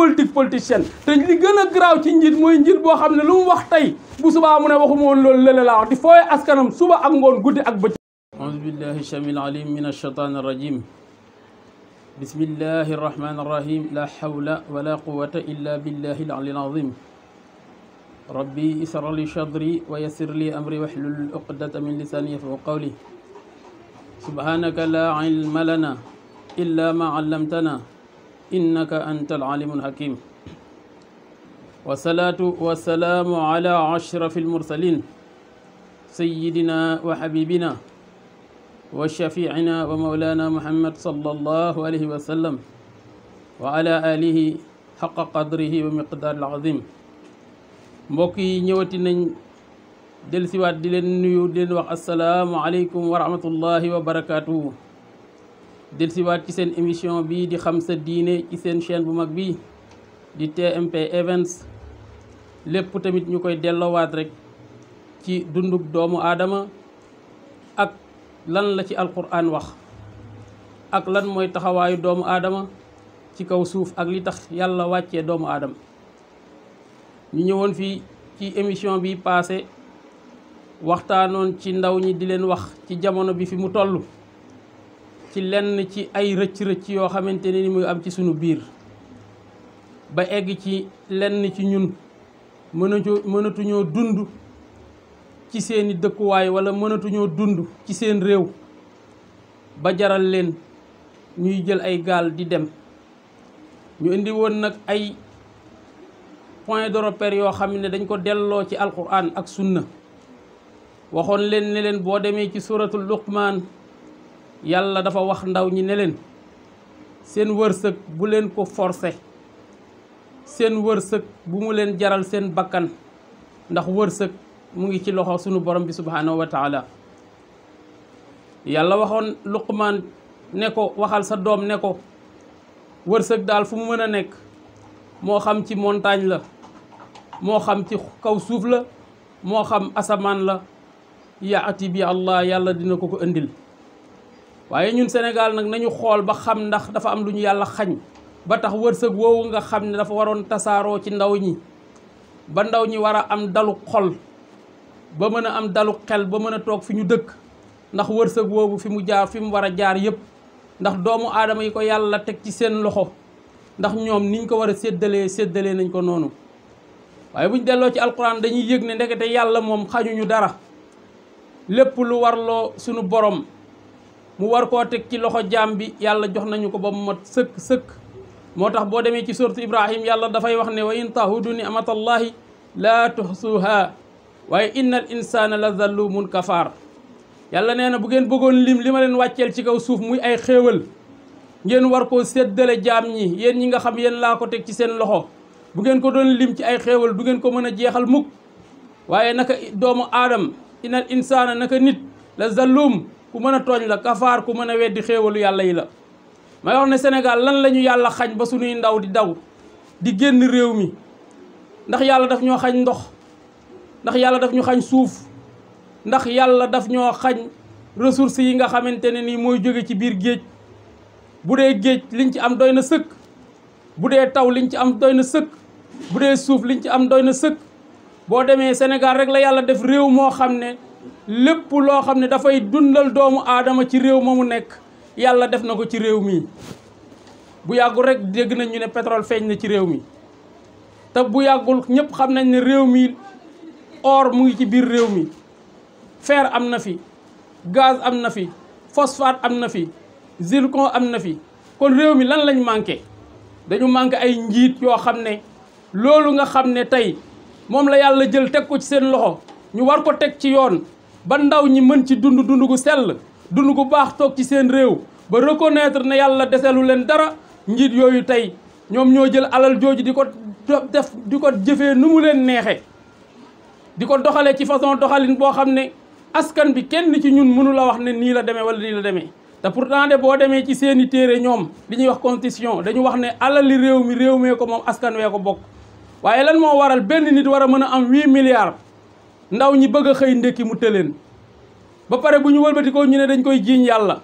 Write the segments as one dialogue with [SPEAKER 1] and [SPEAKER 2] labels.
[SPEAKER 1] politique politicienne te li gën a garaaw ci njiit mooy njiit boo xam ne lu mu wax tey bu subaa mu ne waxuma woon loolu lële laa wax di fooye askanam suba ak ngoon guddi ak bëccëg أعوذ بالله السميع العليم من الشيطان الرجيم بسم الله الرحمن الرحيم لا حول ولا قوة إلا بالله العلي العظيم ربي يسر لي صدري ويسر لي أمري واحلل عقدة من لساني يفقهوا قولي سبحانك لا علم لنا إلا ما علمتنا إنك أنت العالم الحكيم والصلاة والسلام على أشرف المرسلين سيدنا وحبيبنا وشفيعنا ومولانا محمد صلى الله عليه وسلم وعلى آله حق قدره ومقدار العظيم موكي نيوتي nañ dellusiwaat di leen نيو di leen wax asalaamualeykum wa rahmatullahi wa delsiwaat ci seen émission bi di xam sa diine ci seen chaîne bu mag bi di TMP Events lépp tamit ñu koy delloowaat rek ci dundug doomu aadama ak lan la ci alquran wax ak lan mooy taxawaayu doomu aadama ci kaw suuf ak li tax yàlla wàccee doomu aadama ñu ñëwoon fii ci émission bi passé waxtaanoon ci ndaw ñi di leen wax ci jamono bi fi mu tollu ci lenn ci ay rëcc-rëcc yoo xamante ne ni muy am ci sunu biir ba egg ci lenn ci ñun mënatu mënatuñoo dund ci seeni dëkkuwaay wala mënatuñoo dund ci seen réew ba jaral leen ñuy jël ay gaal di dem ñu indi woon nag ay point de yoo xam ne dañ ko delloo ci alquran ak sunna waxoon leen ne leen boo demee ci suratul luqmaan yàlla dafa wax ndaw ñi ne leen seen wërsëg bu leen ko forcer seen wërsëg bu mu leen jaral seen bakkan ndax wërsëg mu ngi ci loxo sunu borom bi subhaanahu wa taala yàlla waxoon luqmaan ne ko waxal sa doom ne ko wërsëg daal fu mu mën a nekk moo xam ci montagne la moo xam ci kaw suuf la moo xam asamaan la yaati bi allah yàlla dina ko ko indil waaye ñun Sénégal nag nañu xool ba xam ndax dafa am lu ñu yàlla xañ ba tax wërsëg woowu nga xam ne dafa waroon tasaaroo ci ndaw ñi ba ndaw ñi war a am dalu xol ba mën a am dalu xel ba mën a toog fi ñu dëkk ndax wërsëg woowu fi mu jaar fi mu war a jaar yépp ndax doomu aadama yi ko yàlla teg ci seen loxo ndax ñoom niñ ko war a séddalee séddalee nañ ko noonu waaye buñ delloo ci alquran dañuy yëg ne ndekete yàlla moom xañuñu dara lépp lu warloo sunu borom mu war ko tek ci loxo jaam bi yàlla jox nañu ko ba mat seuk sëkk moo tax ci sourate ibrahim yàlla fay wax ne wa in tahudu ni'matallahi la tuhsuha waaye innal insana la zallumun kafaar yàlla neena bu ngeen bëggoon lim lima len waccel ci kaw suuf muy ay xewal ngeen war ko seddel jam ñi yéen ñi nga xam yéen la ko tek ci seen loxo bu ngeen ko doon lim ci ay xewal du ngeen ko mëna jéxal muk waye naka doomu adam inal insana naka nit la zallum ku mën a tooñ la kafaar ku mën a weddi xéewalu yàlla yi la may wax ne Sénégal lan la ñu yàlla xañ ba suñuy ndaw di daw di génn réew mi ndax yàlla daf ñoo xañ ndox ndax yàlla daf ñu xañ suuf ndax yàlla daf ñoo xañ ressources yi nga xamante ne nii mooy jóge ci biir géej bu dee géej liñ ci am doy na sëkk bu dee taw liñ ci am doy na sëkk bu dee suuf liñ ci am doy na sëkk boo demee Sénégal rek la yàlla def réew moo xam ne lépp loo xam ne dafay dundal doomu aadama ci réew ma mu nekk yàlla def na ko ci réew mi bu yàggul rek dégg nañ ñu ne pétrole feeñ na ci réew mi te bu yàggul ñëpp xam nañ ne réew mi or mu ngi ci biir réew mi fer am na fi gaz am na fi phosphate am na fi zircon am na fi kon réew mi lan lañ manqué dañu manqué ay njiit yoo xam ne loolu nga xam ne tey moom la yàlla jël teg ko ci seen loxo ñu war ko teg ci yoon ba ndaw ñi mën ci dund dund gu sell dund ku baax toog ci seen réew ba reconnaître na yàlla deselu leen dara njiit yooyu tey ñoom ñoo jël alal jooju di ko def di ko jëfee nu mu leen neexee di ko doxalee ci façon doxalin boo xam ne askan bi kenn ci ñun mënu wax ne nii la demee wala nii la demee te pourtant de boo demee ci seeni téere ñoom li ñuy wax constitution dañu wax ne alali réew mi réew mee ko moom askan wee ko bokk waaye lan moo waral benn nit war a mën a am huit milliards ndaw ñi bëgg a xëy ndékki mu tëleen ba pare bu ñu wëlbatikoo ñu ne dañ koy jiiñ yàlla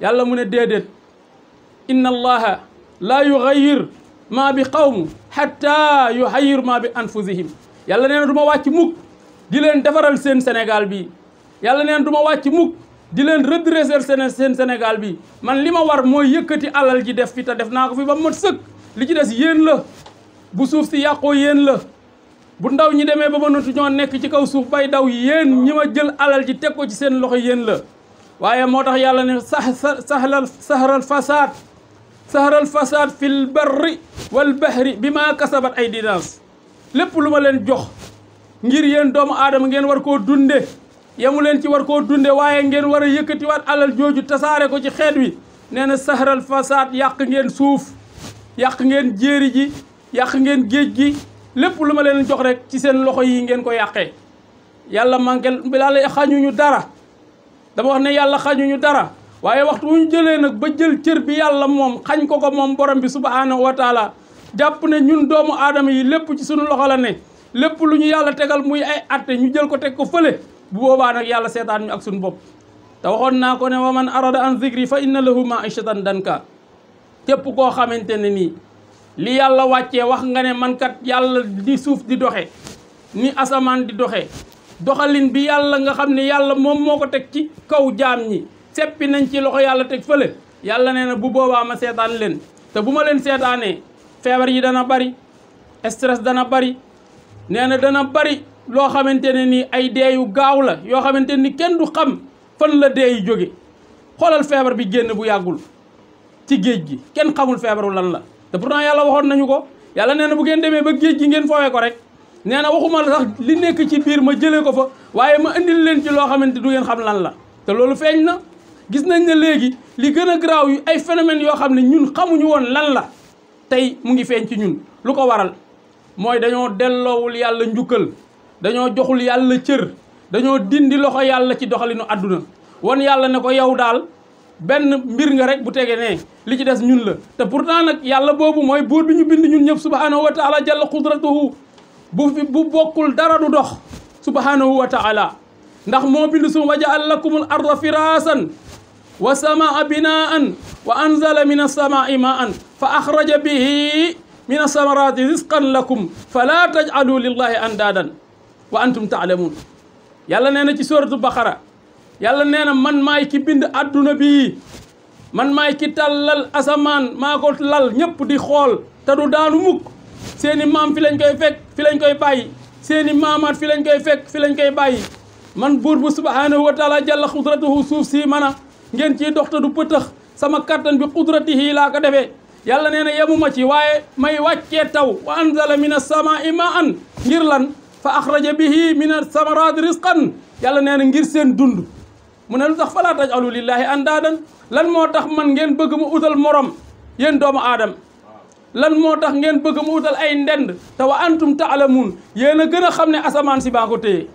[SPEAKER 1] yàlla mu ne déedéet inna allaha laa yuxayir maa bi qawm xatta yuxayir maa bi anfusihim yàlla nee du ma wàcc mukk di leen defaral seen Sénégal bi yàlla nee du ma wàcc mukk di leen redresser seen seen Sénégal bi man li ma war mooy yëkkati alal ji def fi te def naa ko fi ba mot sëkk li ci des yéen la bu suuf si yàqoo yéen la bu ndaw ñi demee ba mënatu ñoo nekk ci kaw suuf bay daw yéen ñi ma jël alal ji teg ko ci seen loxo yéen la waaye moo tax yàlla ne sahral sahral fasaad sahral fasaad fil barri wal bahri bi maa kasabat ay dinaas lépp lu ma leen jox ngir yéen doomu aadama ngeen war koo dunde yemu leen ci war koo dunde waaye ngeen war a yëkkatiwaat alal jooju tasaare ko ci xeet wi nee na sahral fasaad yàq ngeen suuf yàq ngeen jéeri ji yàq ngeen géej gi lépp lu ma leen jox rek ci seen loxo yi ngeen ko yàqee yàlla manqué yàlla xañuñu dara dama wax ne yàlla xañuñu dara waaye waxtu wu ñu jëlee nag ba jël cër bi yàlla moom xañ ko ko moom borom bi subhaanahu wa taala jàpp ne ñun doomu aadama yi lépp ci suñu loxo la ne lépp lu ñu yàlla tegal muy ay atte ñu jël ko teg ko fële bu boobaa nag yàlla seetaan ak suñu bopp te waxoon naa ko ne wa man arada an zikri fa inna lahu maishatan danka képp koo xamante ne nii li yalla wacce wax nga ne man kat yalla di suuf di doxé ni asaman di doxé doxalin bi yalla nga xamni yalla mom moko tek ci kaw jam ñi seppi nañ ci loxo yalla tek fele yalla neena bu boba ma setan len te buma len setané fever yi dana bari stress dana bari neena dana bari lo xamantene ni ay dee yu gaaw la yo xamantene ni kenn du xam fan la dee yu xolal fever bi genn bu yagul ci geejgi kenn xamul feberu lan la te pourtant yàlla waxoon nañu ko yàlla nee na bu ngeen demee ba géej gi ngeen foowee ko rek nee na waxuma sax li nekk ci biir ma jëlee ko fa waaye ma indil leen ci loo xamante du ngeen xam lan la te loolu feeñ na gis nañ ne léegi li gën a garaaw yi ay phénomènes yoo xam ne ñun xamuñu woon lan la tey mu ngi feeñ ci ñun lu ko waral mooy dañoo delloowul yàlla njukkal dañoo joxul yàlla cër dañoo dindi loxo yàlla ci doxalinu adduna wan yàlla ne ko yow daal ben mbir nga rek bu tege ne li ci des ñun la te pourtant nag yàlla boobu mooy buur bi ñu bind ñun ñëpp subhanahu wa taala jalla qudratuhu bu fi bu bokkul dara du dox subhanahu wa taala ndax moo bind su wa jaal lakumul arda firaasan wa samaa binaan wa anzala min alsamaai maan fa axraja bihi min alsamarati risqan lakum fala tajalu lillahi andadan wa antum taalamuun yàlla nee na ci suratu baqara Yalla neena man may ki bind aduna bi man may ki talal asaman, mako lal ñepp di xol ta du daanu mukk seeni mam fi lañ koy fek fi lañ koy bayyi seeni mamat fi lañ koy fek fi lañ koy bayyi man bur bu subhanahu wa taala jalla khudratuhu suuf si mana, ngeen ci dox du sama kattan bi xudratihi la ko defee yalla neena yamuma ci waye may wacce taw wa anzala minas asamaai ma'an ngir lan fa akhraja bihi minas asamaraat rizqan yalla neena ngir seen dundu mu ne lu tax falaa taj alu lillaahi andaadan lan moo tax man ngeen bëgg mu utal morom yéen doomu aadama lan moo tax ngeen bëgg mu utal ay ndend te wa antum taalamuun yéen a gën a xam ne asamaan si baa ko téye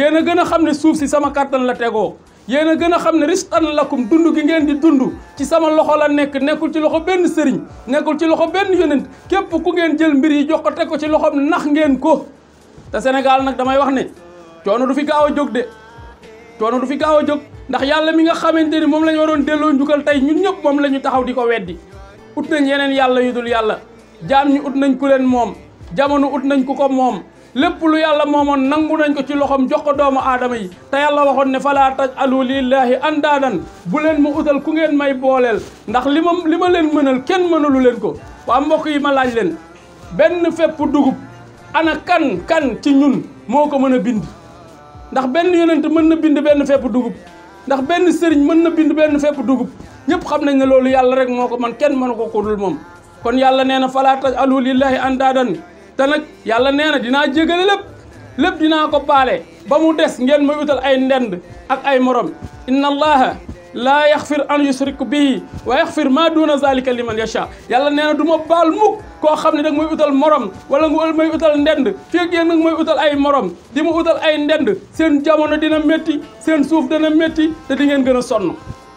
[SPEAKER 1] yéen a gën a xam ne suuf si sama kattan la tegoo yéen a gën a xam ne la lakum dund ki ngeen di dund ci sama loxo la nekk nekkul ci loxo benn sëriñ nekkul ci loxo benn yonent képp ku ngeen jël mbir yi jox ko teg ko ci loxoom nax ngeen ko te Sénégal nag damay wax ne coono du fi gaaw a jóg de coono du fi gaaw a jóg ndax yàlla mi nga xamante ni moom la ñu waroon delloo njukkal tey ñun ñëpp moom la ñu taxaw di ko weddi ut nañ yeneen yàlla yu dul yàlla jaam ñi ut nañ ku leen moom jamono ut nañ ku ko moom lépp lu yàlla moomoon nangu nañ ko ci loxoom jox ko doomu aadama yi te yàlla waxoon ne falaa taj alu lillaahi daadan bu leen ma utal ku ngeen may booleel ndax li ma li ma leen mënal kenn mënalu leen ko waa mbokk yi ma leen benn fépp dugub ana kan kan ci ñun moo ko mën a bind ndax benn yonent mën na bind benn fepp dugub ndax benn sëriñ mën na bind benn fepp dugub ñëpp xam nañ ne loolu yàlla rek moo ko man kenn mënu ko kudul moom kon yàlla nee na falaa taj'alu lillaahi andaadan te nag yàlla nee na dinaa jégale lépp lépp dinaa ko baale ba mu des ngeen may utal ay ndend ak ay morom inna allaha laa yaxfir an yushriku bihi wa yaxfir ma duna man liman yasha yàlla nee na du ma baal mukk ko xam nak moy utal morom wala nga moy utal ndend fii yeen nak moy utal ay morom di utal ay ndend seen jamono dina metti seen suuf dina metti te di ngeen gëna sonn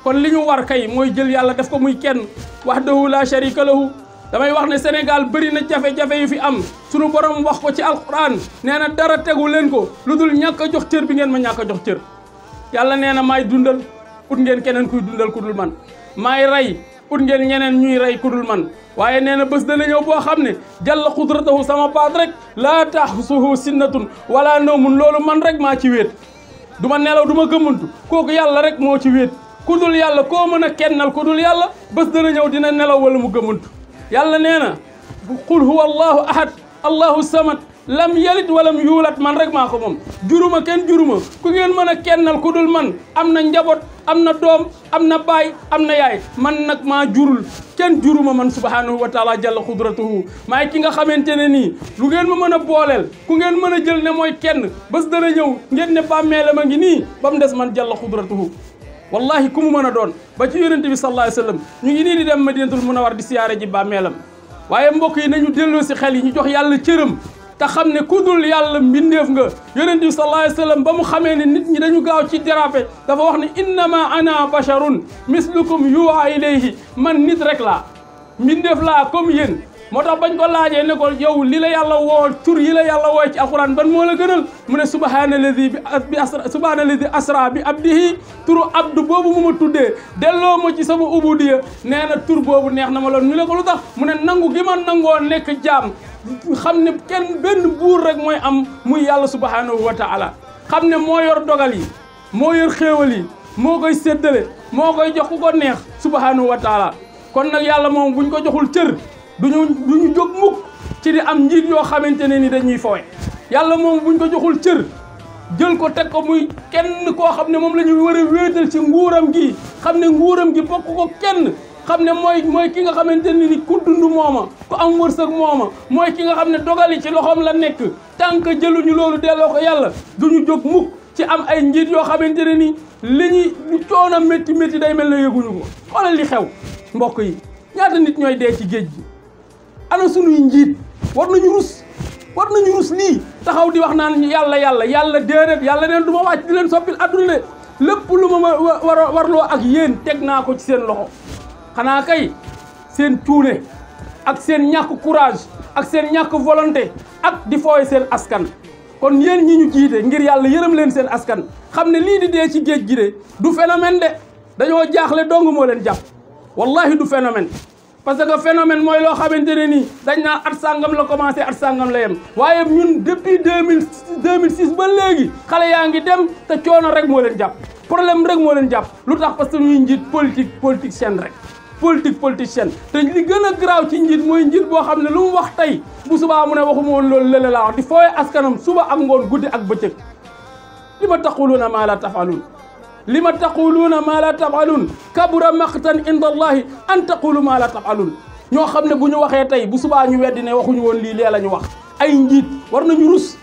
[SPEAKER 1] kon liñu war kay moy jël yalla def ko muy kenn wahdahu la sharika lahu damay wax ne senegal bari na jafé jafé yu fi am suñu borom wax ko ci alquran neena darat dara teggu len ko lu ñaka jox cër bi ngeen ma ñaka jox cër yalla neena may dundal ut ngeen kenen kuy dundal kudul man may ray ut ngeen ñeneen ñuy rey kudul man waaye nee na bés dana ñëw boo xam ne jàlla xudratahu sama paat rek laa taxsuhu sinnatun wala nawmun loolu man rek maa ci wéet du ma nelaw du ma gëmmantu kooku yàlla rek moo ci wéet kudul yàlla koo mën a kennal kudul yàlla bés dana ñëw di na nelaw wala mu gëmmantu yàlla nee na qul huwa allahu ahad allahu samad lam yalit walam yuulat man rek maa ko moom juruma kenn juruma ku ngeen mën a kennal ku dul man am na njaboot am na doom am na baay am na yaay man nag maa jurul kenn juruma man subhanahu wa taala jalla xudratuhu maa ki nga xamante ne nii lu ngeen ma mën a booleel ku ngeen mën a jël ne mooy kenn bés dana ñëw ngeen ne bàmmeelam a ngi nii ba mu des man jalla xudratuhu wallahi ku mu mën a doon ba ci yonente bi sallallahu alayhi wa sallam ñu ngi nii di dem madinatul munawar di siyaare ji bàmmeelam waaye mbokk yi nañu delloo si xel yi ñu jox yàlla cëram te xam ne ku dul yàlla mbindeef nga yonent bi sallallahu alayhi wa sallam ba mu xamee ne nit ñi dañu gaaw ci déraper dafa wax ne innama ana basharun mislukum yuwa ilayhi man nit rek laa mbindeef laa comme yéen moo tax bañ ko laajee ne ko yow la yàlla woo tur yi la yàlla woo ci alquran ban moo la gënal mu ne subhaanalladi bi asra subhaanalladi asra bi abdihi turu du boobu mu ma tuddee delloo ma ci sama ubudiya nee na tur boobu neex na ma lool ñu ne ko lu tax mu ne nangu gi ma nangoo nekk jaam xam ne kenn benn buur rek mooy am muy yàlla subhaanahu wa taala xam ne moo yor dogali moo yor xéewal yi moo koy séddale moo koy jox ku ko neex subhaanahu wa kon nag yàlla moom buñ ko joxul cër duñu du ñu jóg mukk ci di am njiit yoo xamante ne ni dañuy foowe yàlla moom buñ ko joxul cër jël ko teg ko muy kenn koo xam ne moom la ñu war a wéetal ci nguuram gi xam ne nguuram gi bokk ko kenn xam ne mooy mooy ki nga xamante ni ku dund mooma ku am wërsëg mooma mooy ki nga xam ne dogali ci loxoom la nekk tant que jëluñu loolu delloo ko yàlla duñu jóg mukk ci am ay njiit yoo xamante ne ni li ñuy lu coono métti méti day mel na yëguñu ko xoolal li xew mbokk yi ñaata nit ñooy dee ci géej gi ana sunuy njiit war nañu rus war nañu rus lii taxaw di wax naan yàlla yàlla yàlla déedéet yàlla neen du ma wàcc di leen soppil adduna de lépp lu ma war warloo ak yéen teg naa ko ci seen loxo xanaa kay seen cuune ak seen ñàkk courage ak seen ñàkk volonté ak di fooy seen askan kon yéen ñi ñu jiite ngir yàlla yërëm leen seen askan xam ne lii di dee ci géej gi de du phénomène de dañoo jaaxle dong moo leen jàpp wallahi du phénomène parce que phénomène moy lo xamanteni ni dañ na at sangam la commencé at sangam la yem waye ñun depuis 2006 2006 ba légui xalé yaangi dem te coono rek mo leen japp problème rek mo leen japp lutax parce que ñuy njit politique politique sen rek politique politicien te li gëna graw ci njit moy njit bo xamne lu mu wax tay bu suba mu ne waxuma woon loolu lële la wax di foy askanam suba ak ngon guddi ak beccëk lima taquluna ma la tafalun لما تقولون ما لا تفعلون كبر مقتا عند الله أن تقولوا ما لا تفعلون ño xamne buñu waxé tay bu suba ñu weddi ne waxuñu woon lii lee la ñu wax ay njit war nañu rus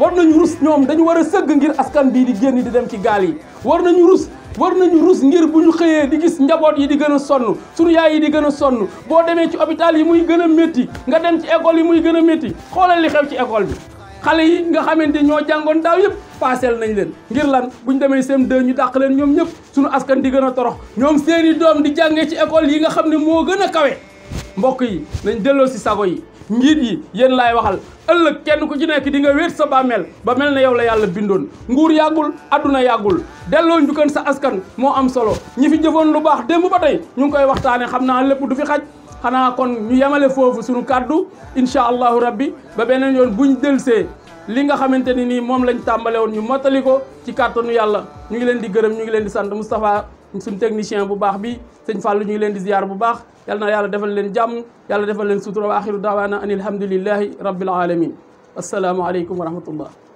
[SPEAKER 1] war nañu rus ñom dañu wara sëgg ngir askan bi di génn di dem ci gaal yi war nañu rus war nañu rus ngir buñu xëyé di gis njaboot yi di gëna a sonn sunu yaay yi di gëna a sonn boo demee ci hôpital yi muy gëna métti nga dem ci école yi muy gëna métti xolal li xew ci école bi xale yi nga xamante ñoo jàngoon daaw yëpp paaseel nañ leen ngir lan buñ demee CM2 ñu dàq leen ñoom ñëpp suñu askan di gën a torox ñoom seeni doom di jàngee ci école yi nga xam ne moo gën a kawe mbokk yi nañ delloo si sago yi njiit yi yéen laay waxal ëllëg kenn ku ci nekk di nga wéet sa bàmmeel ba mel na yow la yàlla bindoon nguur yàggul adduna yàggul delloo njukkan sa askan moo am solo ñi fi jëfoon lu baax démb ba tey ñu ngi koy waxtaane xam naa lépp du fi xaj xana kon ñu yamale fofu suñu kàddu insha allah rabbi ba benen yoon buñ delsé li nga xamanteni ni mom lañ tàmbale won ñu mataliko ci kàttanu yàlla ñu ngi leen di gërëm ñu ngi leen di sant Moustapha suñu technicien bu baax bi sëñ fallu ñu ngi leen di ziar bu baax yalla na yàlla defal leen jàmm yàlla defal leen sutura wa akhiru da'wana anil hamdulillahi rabbil alamin assalamu alaykum wa rahmatullah